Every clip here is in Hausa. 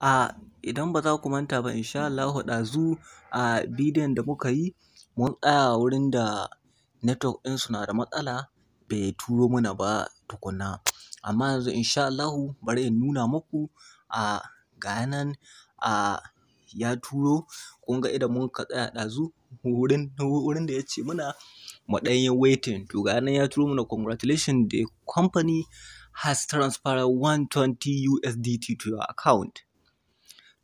A idan ba za ku manta ba insha Allahu ɗazu a bidiyon da muka yi mun tsaya wurin da network ɗinsu na da matsala bai turo mana ba tukunna. Amma yanzu insha Allahu bari in nuna muku a ga nan a ya turo kun ga mun muka tsaya ɗazu wurin wurin da ya ce muna mu ɗan yi waiting to ga nan ya turo mana congratulation the company has transferred 120 USDT to your account.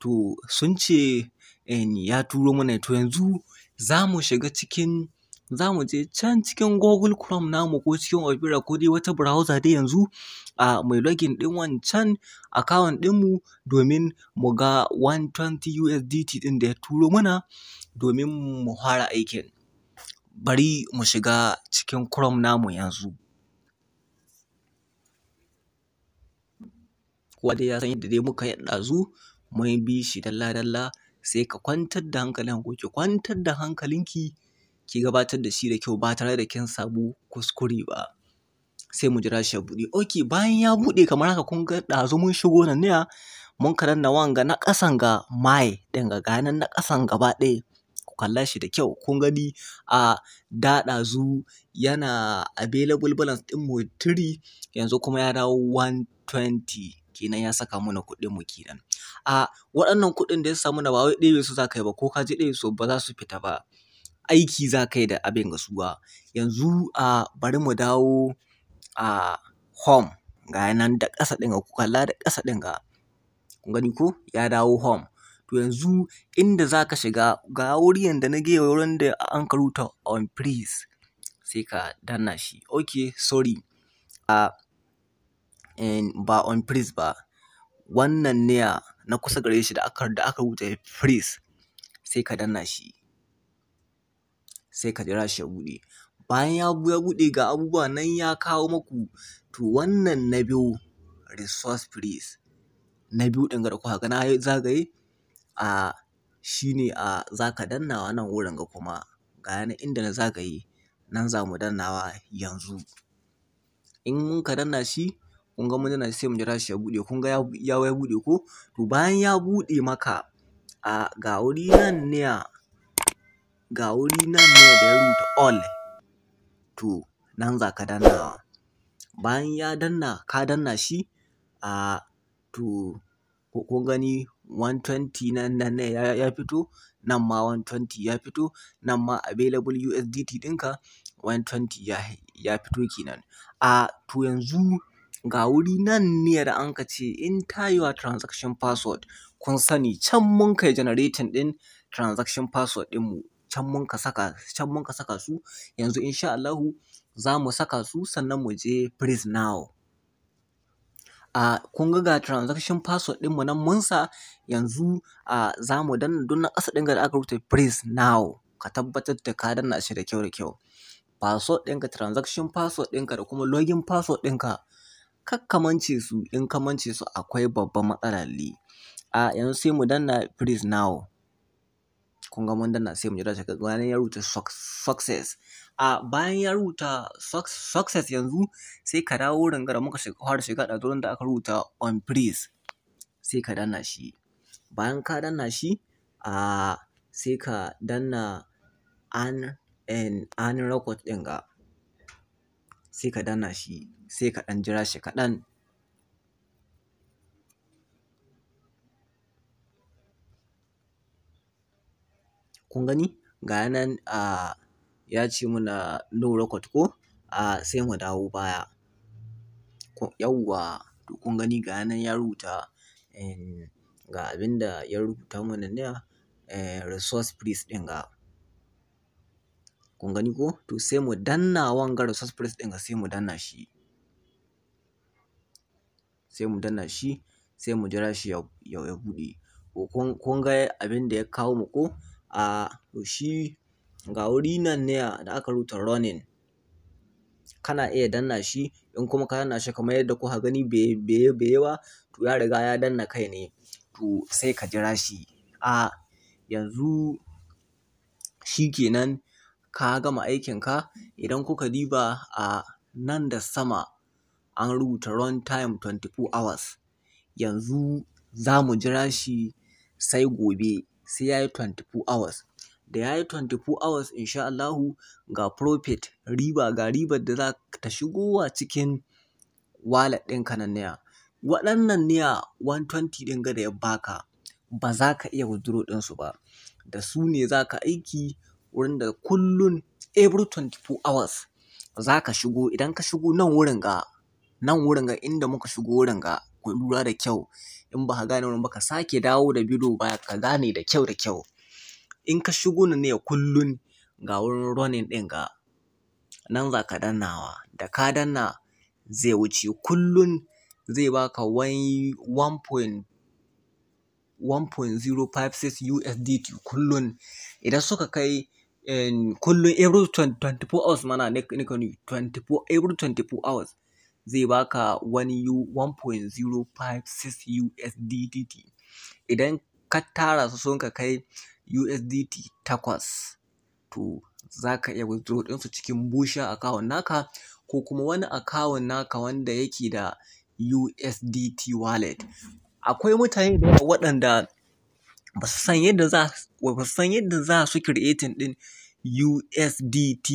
to sun ce eh, ya turo mana to yanzu za mu shiga cikin za mu je can cikin Google Chrome namu ko cikin Opera ko dai wata browser dai yanzu a mai login ɗin wancan account ɗinmu domin mu ga 120 USDT ɗin da ya turo mana domin mu fara aikin. Bari mu shiga cikin Chrome namu yanzu. wadda ya san yadda dai muka yi ɗazu mun bi shi dalla dalla sai ka kwantar da hankalin ko ki kwantar da hankalinki ki gabatar da shi da kyau ba tare da kin samu kuskure ba sai mu jira shi ya buɗe ok bayan ya buɗe kamar haka kun ga ɗazu mun shigo nan ne mun karan na wanga na ƙasan ga mai ɗin ga ganan na ƙasan gaba ɗaya ku kalla shi da kyau kun gani a daɗa zu yana available balance ɗin mu tiri yanzu kuma ya dawo 120 kenan ya saka mana kuɗin mu kenan a waɗannan kuɗin da ya samu na ba wai ɗebe su za ka yi ba ko ka je ɗebe su ba za su fita ba aiki za ka yi da abin ga suwa yanzu a bari mu dawo a home ga nan da ƙasa ɗin ga ku kalla da ƙasa ɗin ga kun gani ko ya dawo home to yanzu inda za ka shiga ga wuri yanda na gaya wurin da an ka on please sai ka danna shi okay sorry a ba on freeze ba wannan niya na kusa gare shi da aka da aka rubuta freeze sai ka danna shi sai ka jira shi ya buɗe bayan ya ya buɗe ga abubuwa nan ya kawo maku to wannan na biyu resource freeze na biyu ɗin ga da ga na zagaye a shine a zaka dannawa nan wurin ga kuma ga yana inda na zagaye nan za mu dannawa yanzu in mun ka danna shi kun ga muna sai mu jira shi ya buɗe kun ga ya ya buɗe ko to bayan ya buɗe maka a ga wuri nan ne ga wuri nan ne da ya rubuta all to nan za ka dannawa bayan ya danna ka danna shi a to kun gani 120 nan nan ne ya fito nan ma 120 ya fito nan ma available USDT ɗinka 120 ya, ya fito kenan a to yanzu ga wuri nan ne da an ka ce enter your transaction password kun sani can mun kai generating din transaction password mu can mun ka saka can mun ka saka su yanzu insha Allah za mu saka su sannan mu je freeze now a kun ga ga transaction password mu nan mun sa yanzu a za mu danna don na ƙasa ɗin da aka rubuta freeze now ka tabbatar da ka danna shi da kyau da kyau password ɗinka transaction password ɗinka da kuma login password ɗinka kakkamance su in kamance su akwai babban matsala A yanzu sai mu danna freeze now. Kun ga mun danna sai mu jira shaka bayan ya rubuta success. A bayan ya rubuta success yanzu sai ka dawo wurin muka muka fara shiga ɗazurin da aka rubuta on freeze sai ka danna shi. Bayan ka danna shi a sai ka danna an an record din ga. sai ka dana shi sai ka dan jira shi kaɗan kun gani ga nan a ya ce muna no record ko a sai mu dawo baya yauwa to kun gani ga nan ya rubuta eh, ga abinda ya rubuta mana na eh, resource priest ɗin ga kun gani ko to sai mu danna wanga resource press ɗin sai mu danna shi sai mu danna shi sai mu jira shi ya buɗe kun ga abin da ya kawo mu ko a to shi ga wuri nan ne da aka rubuta running kana iya danna shi in kuma ka danna shi kamar yadda kuka gani beye beyewa to ya riga ya danna kai ne to sai ka jira shi a yanzu shi kenan ka gama aikinka. Idan kuka diba a nan da sama an rubuta time 24 hours. Yanzu za mu jira shi sai gobe sai ya yi 24 hours. Da ya yayi 24 hours in Allahu ga profit riba ga ribar da za ta a cikin wallet ɗinka na Naira. Waɗannan Naira 120 ɗin ga da ya baka ba za ka iya withdraw ɗinsu ba. Da su ne za ka aiki wurin da kullum every 24 hours za ka shigo idan ka shigo nan wurin ga nan wurin ga inda muka shigo wurin ga ku lura da kyau in ba ka gane wurin ba ka sake dawo da bido ba ka gane da kyau da kyau in ka shigo nan ne kullum ga wurin running ɗin ga nan za ka dannawa da ka danna zai wuce kullum zai baka wani 1.056 USDT kullum idan suka kai kullum every 24 hours mana ne 24 every 24 hours zai baka wani u 1.056 USDT idan ka tara su sun ka kai USDT takwas to zaka ka iya withdraw su cikin busha account naka ko kuma wani account naka wanda yake da USDT wallet akwai mutane da yawa waɗanda ba su san yadda za ba su san din USDT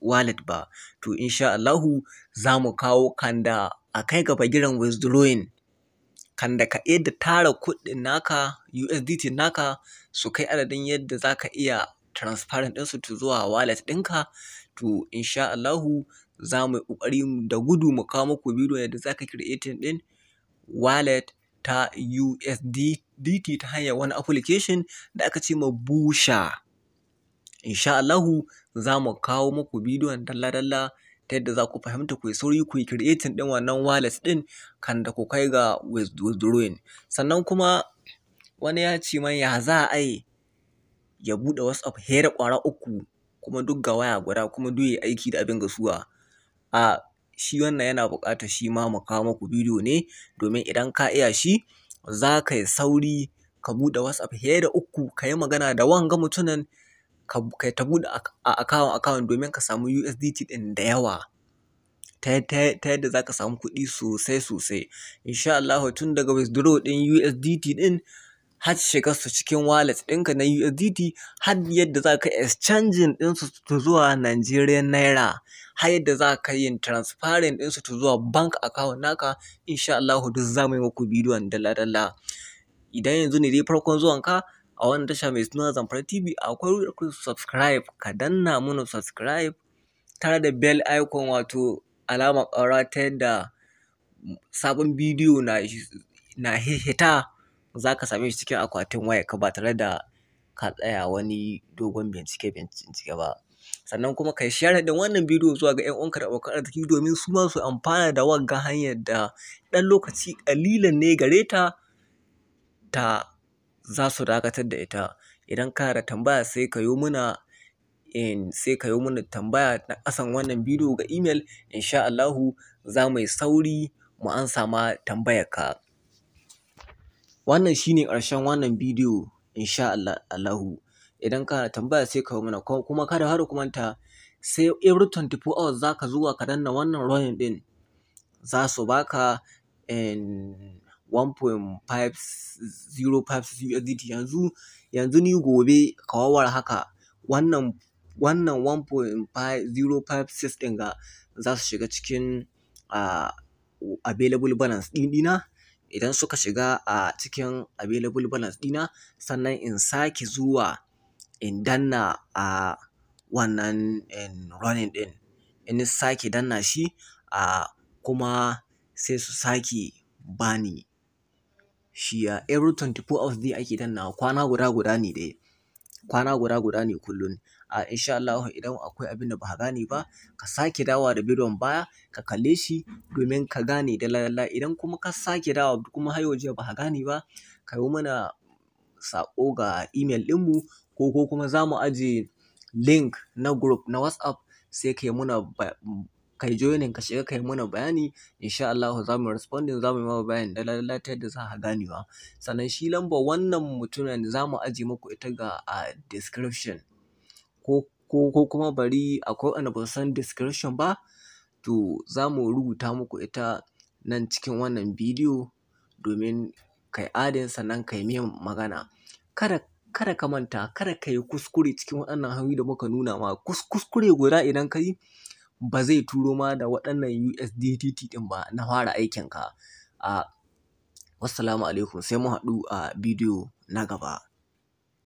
wallet ba to insha Allahu za mu kawo kanda a kai gaba giran withdrawing kanda ka yadda tara kuɗin naka USDT naka su kai adadin yadda za ka iya transparent ɗinsu to zuwa wallet ɗinka to insha Allahu za mu yi ƙoƙari da gudu mu kawo muku bidiyo yadda za ka creating ɗin wallet ta USDT ta hanyar wani application da aka ce ma Busha. Insha Allahu za mu kawo muku bidiyon dalla-dalla ta yadda za ku fahimta ku yi sauri ku yi creating ɗin wannan wallet ɗin kan da ku kai ga withdrawing. Sannan kuma wani ya ce man ya za a yi ya buɗe WhatsApp hera kwara uku kuma duk ga waya guda kuma duk yi aiki da abin gasuwa. A shi wannan yana buƙatar shi ma mu kawo muku bidiyo ne domin idan ka iya shi za ka yi sauri ka buɗe WhatsApp fiye da uku ka yi magana da wanga mutumin ka ta buɗe a akawun akawun domin ka samu USDT ɗin da yawa. ta yadda za ka samu kuɗi sosai sosai insha Allah tun daga withdraw ɗin USDT ɗin har shiga su cikin wallet ɗinka na USDT har yadda za ka exchanging ɗinsu zuwa Nigerian Naira har yadda za ka yin transferring ɗinsu zuwa bank account naka insha Allah duk za mu yi muku bidiyon dalla-dalla. Idan yanzu ne dai farkon zuwan ka a wannan tasha mai suna Zamfara TV akwai ku subscribe ka danna mana subscribe tare da bell icon wato alama ƙaura ta yadda sabon bidiyo na na hita za ka same shi cikin akwatin wayarka ba tare da ka tsaya wani dogon bincike bincike ba sannan kuma ka share da wannan bidiyo zuwa ga 'yan uwanka da abokan arziki domin su ma su amfana da wagga hanyar da ɗan lokaci ƙalilan ne gare ta ta za su dakatar da ita idan kana da tambaya sai ka yo muna in sai ka yi muna tambaya na ƙasan wannan bidiyo ga email insha Allahu za mu yi sauri mu ansa ma tambayarka Wannan shine ƙarshen wannan bidiyo insha Allah Idan kana tambaya sai ka mana kuma kada har ku manta sai every 24 hours zaka zuwa ka danna wannan royal din za su baka and 1.505 USDT yanzu ni gobe kawawar haka wannan wannan 1.056 ɗin ga za su shiga cikin uh, available balance ɗina idan suka shiga a cikin available balance ɗina sannan in sake zuwa in danna a wannan in running ɗin in sake danna shi a kuma sai su sake bani shi a every 24 hours dai ake dannawa kwana guda guda ne dai kwana guda guda ne kullum a insha Allah idan akwai abin da ba ka gane ba ka sake dawa da bidiyon baya ka kalle shi domin ka gane da lalala idan kuma ka sake dawowa kuma har yau jiya ba ka gane ba ka yi mana sako ga email ɗinmu ko ko kuma za mu aje link na group na WhatsApp sai ka yi muna kai joinin ka shiga kai muna bayani insha Allah za mu responding za mu yi maka bayani da lalala ta yadda za ka ganewa sannan shi lamba wannan mutumin za mu aje muku ita ga a description ko kuma bari akwai wanda ba su san description ba to za mu rubuta muku ita nan cikin wannan bidiyo domin kai adin sannan kai mai magana kada ka manta kada ka yi kuskure cikin waɗannan hanyoyi da muka nuna ma kuskure guda idan kai ba zai turo ma da waɗannan USDT ɗin ba na fara aikinka a ah, wassalamu alaikum sai mu haɗu a bidiyo na gaba